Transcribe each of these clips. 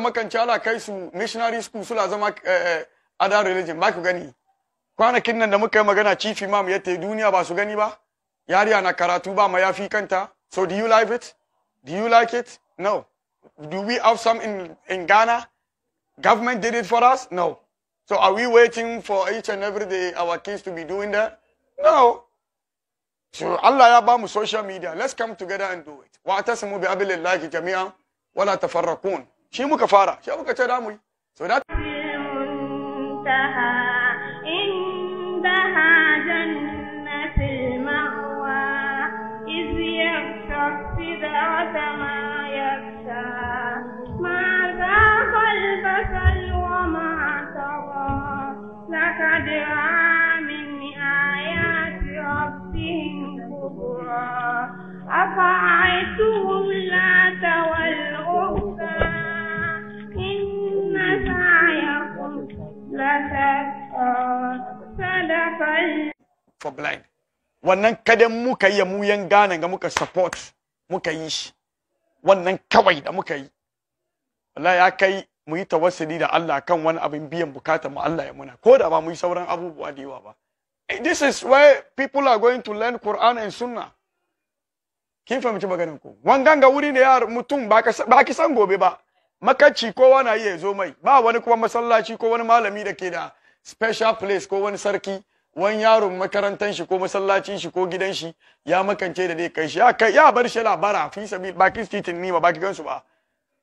makanci ala kai su missionary school suna zama ada eh, eh, religion ba ku gani kwanakin nan da muka yi magana chief imam ya te duniya ba su gani ba yariya na karatu ba ma yafi kanta so do you like it do you like it no do we have some in, in ghana government did it for us no so are we waiting for each and every day our kids to be doing that no so allah ya ba mu social media let's come together and do it wa atasimu bi abilillahi jami'an wala tafarraqun shi muka fara shi muka ce damu so na أفعيتم for blind wannan kadan muka yi mu yan gane ga muka support muka yi shi wannan kawai da muka yi Allah ya kai mu yi tawassuli da Allah kan wani abin biyan bukatar mu Allah ya muna ko da ba mu yi sauran abubuwa da yawa ba eh, this is where people are going to learn Quran and Sunnah kin fahimci maganar ku wangan ga wuri ne ya mutum ba ki san gobe ba makaci kowa na iya zo mai ba wani kuma masallaci ko wani malami da ke da special place ko wani sarki wani yaron makarantan shi ko masallacin shi ko gidan shi ya makance da dai kai shi ya ya bar shi labara fi sabil bakin titin ni ba baki gansu ba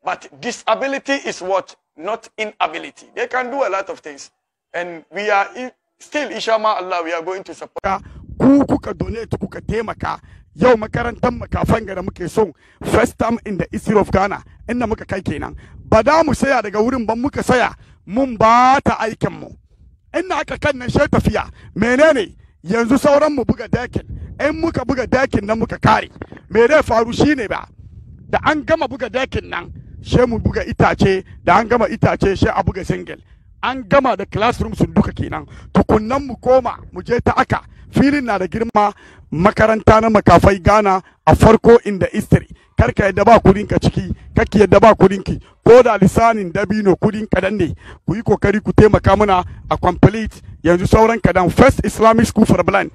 but disability is what not inability they can do a lot of things and we are still ma Allah we are going to support ku kuka donate kuka taimaka yau makarantar makafan da muke so first time in the history of Ghana inda muka kai kenan ba da mu saya daga wurin ban muka saya mun ba ta aikin mu inda aka kan nan sai tafiya menene yanzu sauran mu buga dakin in muka buga dakin nan muka kare me zai faru shine ba da an gama buga dakin nan she mu buga itace da an gama itace she a buga single an gama da classroom sun duka kenan tukunnan mu koma mu je ta aka filin na da girma makaranta na makafai gana a farko inda the history kar ka yadda ba kudinka ka ciki kake yadda ba kudinki ko da lisanin dabino kudin kadan ne ku yi kokari ku taimaka mana a complete yanzu sauran kadan first islamic school for blind